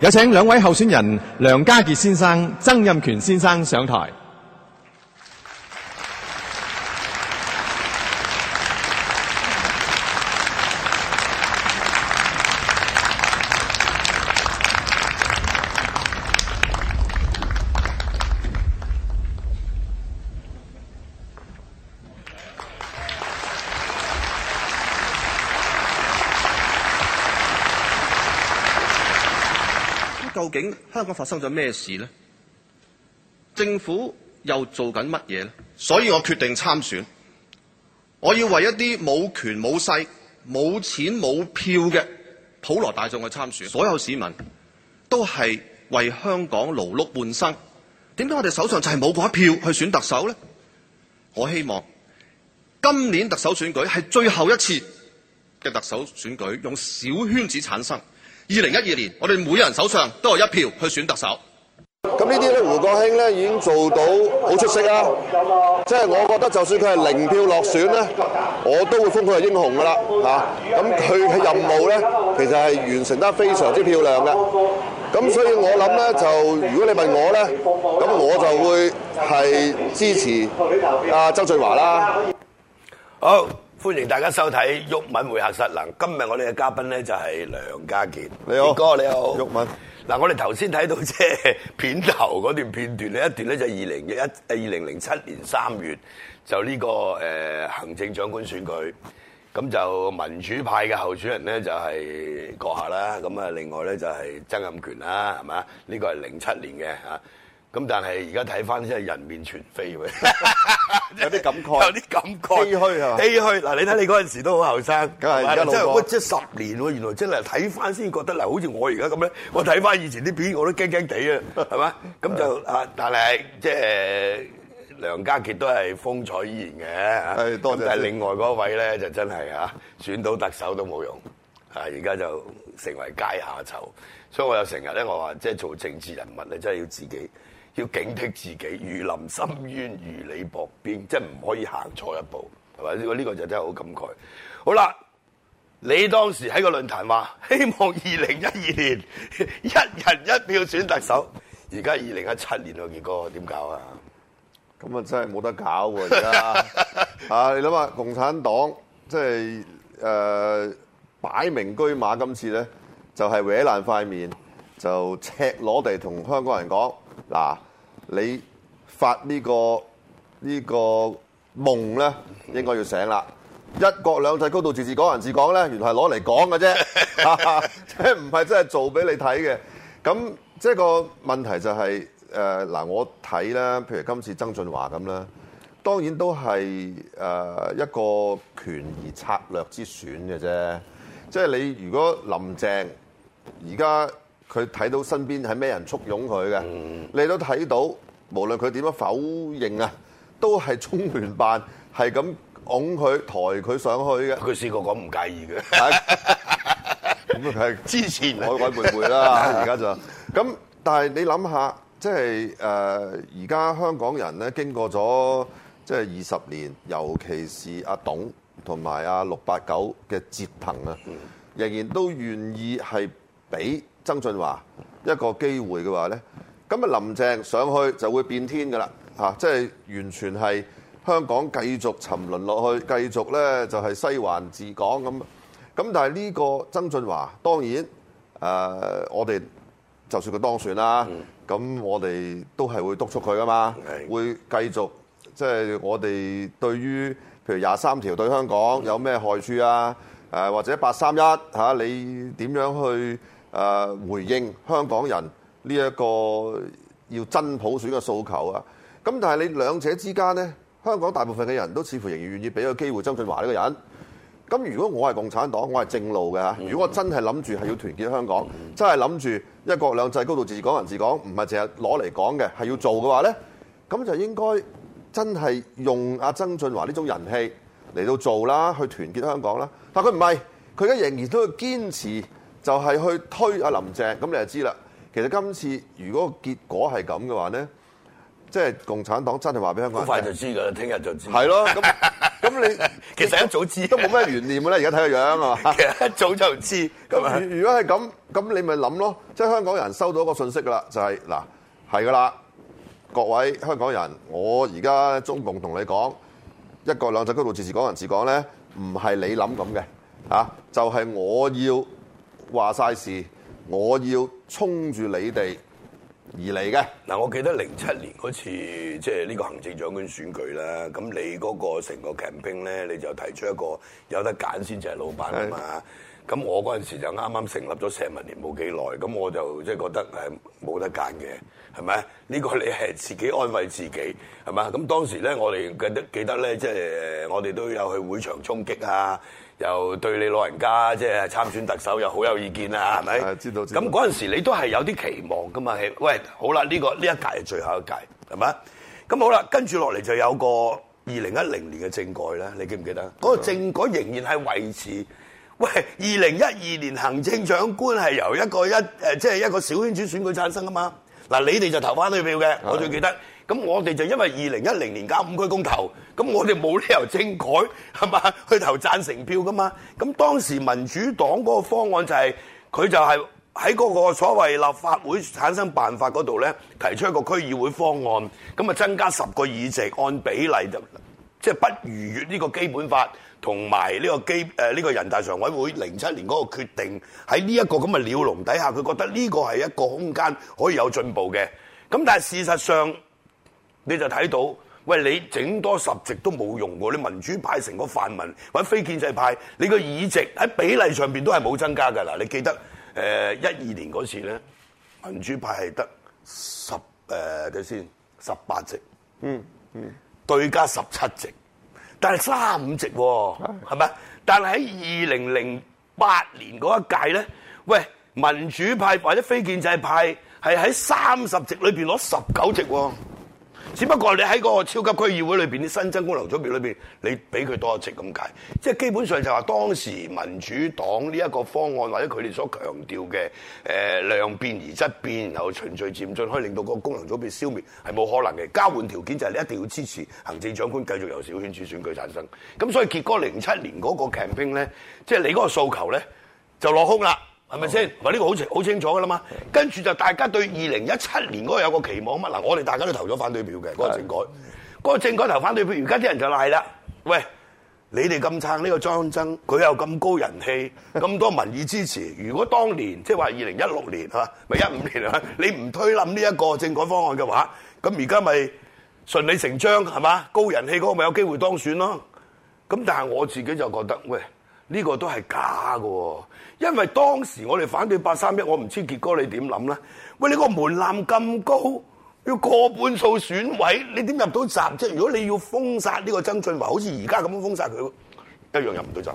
有請兩位候選人梁家傑先生、曾蔭權先生上台。究竟香港發生咗咩事呢？政府又做緊乜嘢呢？所以我決定參選，我要為一啲冇權冇勢、冇錢冇票嘅普羅大眾去參選。所有市民都係為香港勞碌半生，點解我哋手上就係冇嗰一票去選特首呢？我希望今年特首選舉係最後一次嘅特首選舉，用小圈子產生。二零一二年，我哋每人手上都有一票去選特首。咁呢啲咧，胡國興咧已經做到好出色啦。即係我覺得，就算佢係零票落選咧，我都會封佢係英雄噶啦。嚇，咁佢嘅任務咧，其實係完成得非常之漂亮嘅。咁所以我諗咧，就如果你問我咧，咁我就會係支持阿曾俊華啦。好。歡迎大家收睇《毓民會客室》能》。今日我哋嘅嘉賓咧就係梁家傑好，你好民，哥你好，毓民。嗱，我哋頭先睇到即係片頭嗰段片段，呢一段咧就係二零一二零零七年三月就呢個誒行政長官選舉，咁就民主派嘅候選人咧就係閣下啦，咁啊另外咧就係曾蔭權啦，係嘛？呢、這個係零七年嘅咁但係而家睇翻，真係人面全非、 就是、 有啲感慨，有啲感慨，唏噓唏，嗱，你睇你嗰陣時都好後生，真係即係十年喎，原來真係睇翻先覺得嗱。好似我而家咁咧，我睇翻以前啲片我都驚驚地啊，係嘛？咁就啊、是，但係即係梁家傑都係風采依然嘅，多謝。但係另外嗰位咧就真係嚇、啊、選到特首都冇用，啊而家就成為階下囚。所以我又成日咧我話即係做政治人物你真係要自己。要警惕自己，如臨深淵，如履薄冰，即係唔可以行錯一步，係嘛？呢、呢個呢、呢個就真係好感慨。好啦，你當時喺個論壇話，希望二零一二年一人一票選特首，而家二零一七年啊，傑哥點搞啊？咁啊，真係冇得搞喎！而家 啊，你諗下，共產黨即係誒、呃、擺明車馬，今次咧就係、係、毀爛塊面，就赤裸地同香港人講嗱。你發呢、呢個呢、呢個夢咧，應該要醒啦！一國兩制，高度自治，港人治港，咧，原來係攞嚟講嘅啫，即係唔係真係做俾你睇嘅？咁即係個問題就係、是、嗱、呃，我睇啦，譬如今次曾俊華咁啦，當然都係、呃、一個權宜策略之選嘅啫。即、就、係、是、你如果林鄭而家。佢睇到身邊係咩人簇擁佢嘅，你都睇到，無論佢點樣否認啊，都係中聯辦係咁擁佢、抬佢上去嘅。佢試過講唔介意嘅但，咁、 嗯、之前曖曖昧昧啦，而家 就咁。但係你諗下，即係誒而家香港人咧，經過咗即係二十年，尤其是阿董同埋阿六八九嘅折騰啊，嗯、仍然都願意係俾曾俊華一個機會嘅話呢，咁啊林鄭上去就會變天噶啦嚇，即係完全係香港繼續沉淪落去，繼續呢就係西環治港咁。咁但係呢個曾俊華當然誒，我哋就算佢當選啦，咁、嗯、我哋都係會督促佢噶嘛，會繼續即係、就是、我哋對於譬如廿三條對香港有咩害處啊？誒或者八三一嚇，你點樣去，誒回應香港人呢一個要真普選嘅訴求啊！咁但係你兩者之間呢，香港大部分嘅人都似乎仍然願意俾個機會曾俊華呢個人。咁如果我係共產黨，我係正路嘅嚇。如果我真係諗住係要團結香港，嗯、真係諗住一國兩制、高度自治、港人治港，唔係淨係攞嚟講嘅，係要做嘅話呢，咁就應該真係用阿曾俊華呢種人氣嚟到做啦，去團結香港啦。但佢唔係，佢而家仍然都要堅持。就係去推阿林鄭，咁你就知啦。其實今次如果結果係咁嘅話咧，即係共產黨真係話俾香港好快就知噶，聽日就知。係咯， 咁，咁你， 你其實一早知都冇咩懸念嘅啦。而家睇個樣啊， 其實一早就知。咁 如果係咁，咁你咪諗咯。 即係香港人收到一個信息㗎啦，就係嗱係㗎啦，各位香港人，我而家中共同你講，一國兩制、高度自治、港人治港咧，唔係你諗咁嘅嚇，就係我要。話晒事，我要衝住你哋而嚟嘅。嗱，我記得零七年嗰次，即係呢個行政長官選舉啦。咁你嗰個成個 campaign 咧，你就提出一個有得揀先至係老闆啊嘛。咁是的 我嗰陣時候就啱啱成立咗社民連冇幾耐，咁我就即係覺得誒冇得揀嘅，係咪？呢、這個你係自己安慰自己係嘛？咁當時咧，我哋記得記得咧，即、就、係、是、我哋都有去會場衝擊啊！又對你老人家即係參選特首又好有意見啦，係咪？咁嗰陣時你都係有啲期望噶嘛？喂，好啦，呢、呢個呢一屆係最後一屆，係咪？咁好啦，跟住落嚟就有個二零一零年嘅政改啦，你記唔記得？嗰是的 個政改仍然係維持，喂，二零一二年行政長官係由一個一即係、即係、一個小圈子選舉產生啊嘛。嗱，你哋就投反對票嘅，我仲記得。咁我哋就因為二零一零年搞五區公投，咁我哋冇理由政改係咪去投贊成票㗎嘛？咁當時民主黨嗰個方案就係、是、佢就係喺嗰個所謂立法會產生辦法嗰度咧提出一個區議會方案，咁啊增加十個議席，按比例就即係、就是、不逾越呢個基本法同埋呢個基呢、呃這個人大常委會零七年嗰個決定，喺呢一個咁嘅鳥籠底下，佢覺得呢個係一個空間可以有進步嘅。咁但係事實上，你就睇到，喂，你整多十席都冇用喎。你民主派成個泛民或者非建制派，你個議席喺比例上面都係冇增加㗎。嗱，你記得誒一二年嗰次咧，民主派係得十誒睇先十八席，嗯嗯，嗯對加十七席，但係三五席喎、啊，係咪、嗯？但係喺二零零八年嗰一屆咧，喂，民主派或者非建制派係喺三十席裏面攞十九席喎、啊。只不過你喺嗰個超級區議會裏邊，啲新增功能組別裏邊，你俾佢多一席咁解，即係基本上就話當時民主黨呢一個方案或者佢哋所強調嘅誒、呃、量變而質變，然後循序漸進，可以令到個功能組別消滅係冇可能嘅。交換條件就係你一定要支持行政長官繼續由小圈子選舉產生。咁所以結果零七年嗰個 campaign 咧，即係你嗰個訴求咧就落空啦。係咪先？唔呢、哦、個好清好清楚噶啦嘛。跟住就大家對二零一七年嗰個有個期望乜嗱？我哋大家都投咗反對票嘅嗰個政改，嗰是的 個政改投反對票。而家啲人就賴啦。喂，你哋咁撐呢個曾生，佢有咁高人氣，咁多民意支持。 如果當年即係話二零一六年嚇，咪一五年嚇，你唔推冧呢一個政改方案嘅話，咁而家咪順理成章係嘛？高人氣嗰個咪有機會當選咯。咁但係我自己就覺得，喂，呢、這個都係假嘅。因為當時我哋反對八三一，我唔知傑哥你點諗呢？喂，你個門檻咁高，要過半數選委，你點入到閘？即如果你要封殺呢個曾俊華，好似而家咁封殺佢，一樣入唔到閘。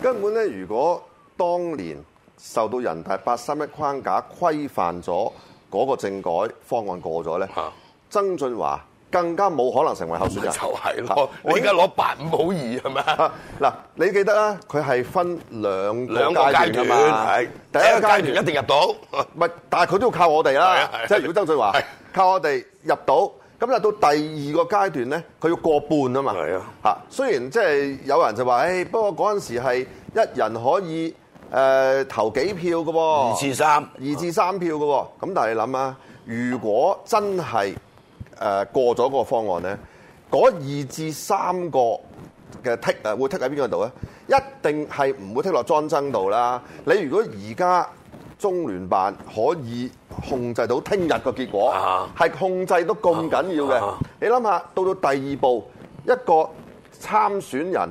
根本咧，如果當年受到人大八三一框架規範咗嗰個政改方案過咗咧，啊、曾俊華，更加冇可能成為候選人，就係咯！我而家攞八五好二係咪？嗱，你記得啦，佢係分兩個階段㗎嘛。第一個階段一定入到，唔係，但係佢都要靠我哋啦。即係如果曾俊華靠我哋入到，咁啦到第二個階段咧，佢要過半啊嘛。係啊，嚇，雖然即係有人就話，誒，不過嗰陣時係一人可以誒投幾票嘅喎，二至三，二至三票嘅喎。咁但係你諗啊，如果真係誒過咗嗰個方案呢，嗰二至三個嘅剔啊，會剔喺邊個度呢？一定係唔會剔落莊爭度啦。你如果而家中聯辦可以控制到聽日個結果，係、啊、控制到咁緊要嘅，啊啊、你諗下，到到第二步，一個參選人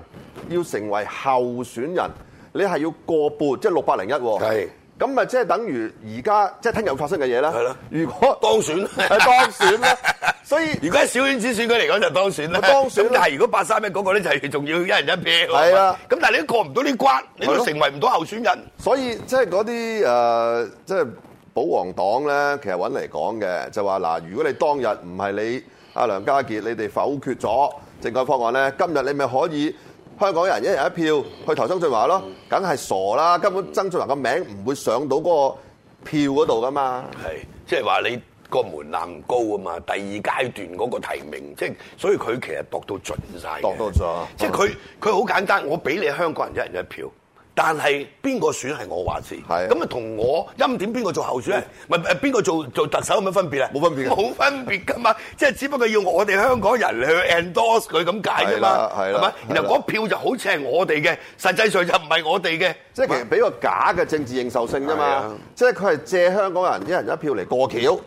要成為候選人，你係要過半，即係六百零一喎。係。咁咪即係等於而家即係聽日發生嘅嘢啦。係咯的，如果當選當當選啦。 所以如果喺小圈子選舉嚟講就，就當選啦。當選係如果八三一嗰個咧就係仲要一人一票。係啊，咁但係你都過唔到呢關，的你都成為唔到候選人。所以即係嗰啲誒，即、就、係、是呃就是、保皇黨咧，其實揾嚟講嘅就話嗱、呃，如果你當日唔係你阿梁家傑，你哋否決咗政改方案咧，今日你咪可以。香港人一人一票去投曾俊華咯，梗係傻啦！根本曾俊華個名唔會上到嗰個票嗰度噶嘛。係，即係話你個門檻高啊嘛。第二階段嗰個提名，即係所以佢其實度到盡晒，度到咗，即係佢佢好簡單，嗯、我俾你香港人一人一票。但係邊個選係我話事？係咁啊，同我欽點邊個做候選人？唔係誒，邊個做做特首有乜分別啊？冇分別冇分別㗎嘛，即係只不過要我哋香港人去 endorse 佢咁解啫嘛，係咪？係啦，然後嗰票就好似係我哋嘅，實際上就唔係我哋嘅，即係其實俾個假嘅政治認受性啫嘛，即係佢係借香港人一人一票嚟過橋。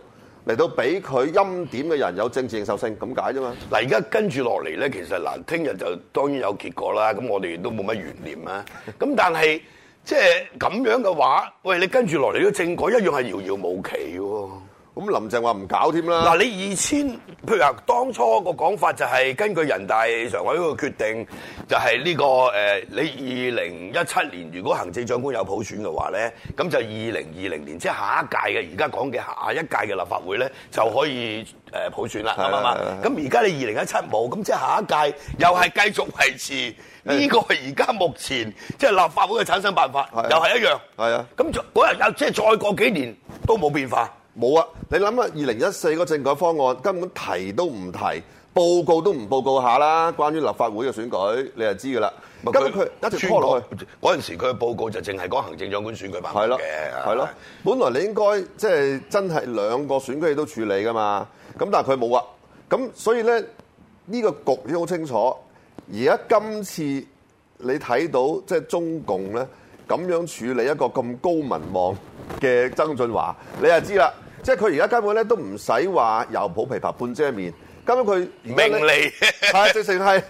嚟到俾佢欽點嘅人有政治認受性，咁解啫嘛。嗱，而家跟住落嚟咧，其實嗱，聽日就當然有結果啦。咁我哋都冇乜懸念啦。咁但係，即係咁樣嘅話，喂，你跟住落嚟嘅政改一樣係遙遙無期喎。咁林鄭話唔搞添啦。嗱，你二千，譬如話，當初個講法就係根據人大常委嗰個決定，就係呢個誒，你二零一七年如果行政長官有普選嘅話咧，咁就二零二零年，即下一屆嘅而家講嘅下一屆嘅立法會咧，就可以誒普選啦，啱唔啱是的 吧？啱，咁而家你二零一七冇，咁即下一屆又係繼續維持呢個係而家目前即是的 立法會嘅產生辦法，又係一樣。係啊。咁嗰日又即再過幾年都冇變化。冇啊！你諗下，二零一四個政改方案根本提都唔提，報告都唔報告下啦。關於立法會嘅選舉，你就知噶啦。跟住佢一直拖落去嗰陣時，佢嘅報告就淨係講行政長官選舉辦法嘅。係咯，係咯。的的本來你應該即係真係兩個選舉都處理噶嘛。咁但係佢冇啊。咁所以咧，呢、這個局你好清楚。而家今次你睇到即係、就是、中共咧咁樣處理一個咁高民望嘅曾俊華，你就知啦。即係佢而家根本咧都唔使話又抱琵琶半遮面，根本佢名利係 直情係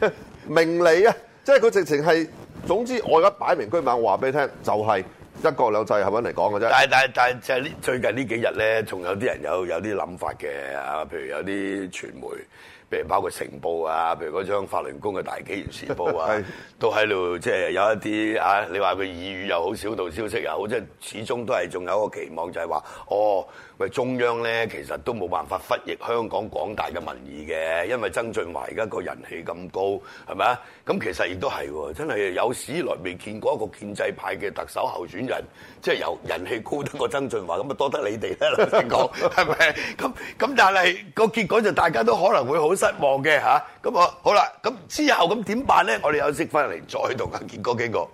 名利啊！即係佢直情係，總之我而家擺明車馬話俾你聽，就係、是、一國兩制係咪嚟講嘅啫？但係但係係，就是、最近幾呢幾日咧，仲有啲人有有啲諗法嘅啊，譬如有啲傳媒，譬如包括《成報》啊，譬如嗰張《法輪功》嘅大紀元時報啊， 是的 都喺度即係有一啲啊，你話佢耳語又好，小道消息又好，即係始終都係仲有一個期望就，就係話哦。中央咧，其實都冇辦法忽視香港廣大嘅民意嘅，因為曾俊華而家個人氣咁高，係咪啊？咁其實亦都係喎，真係有史以來未見過一個建制派嘅特首候選人，即係由人氣高得過曾俊華，咁啊多得你哋啦，講係咪？咁咁 但係個結果就大家都可能會好失望嘅吓，咁、啊、我好啦，咁之後咁點辦咧？我哋休息翻嚟再同傑哥見過幾個。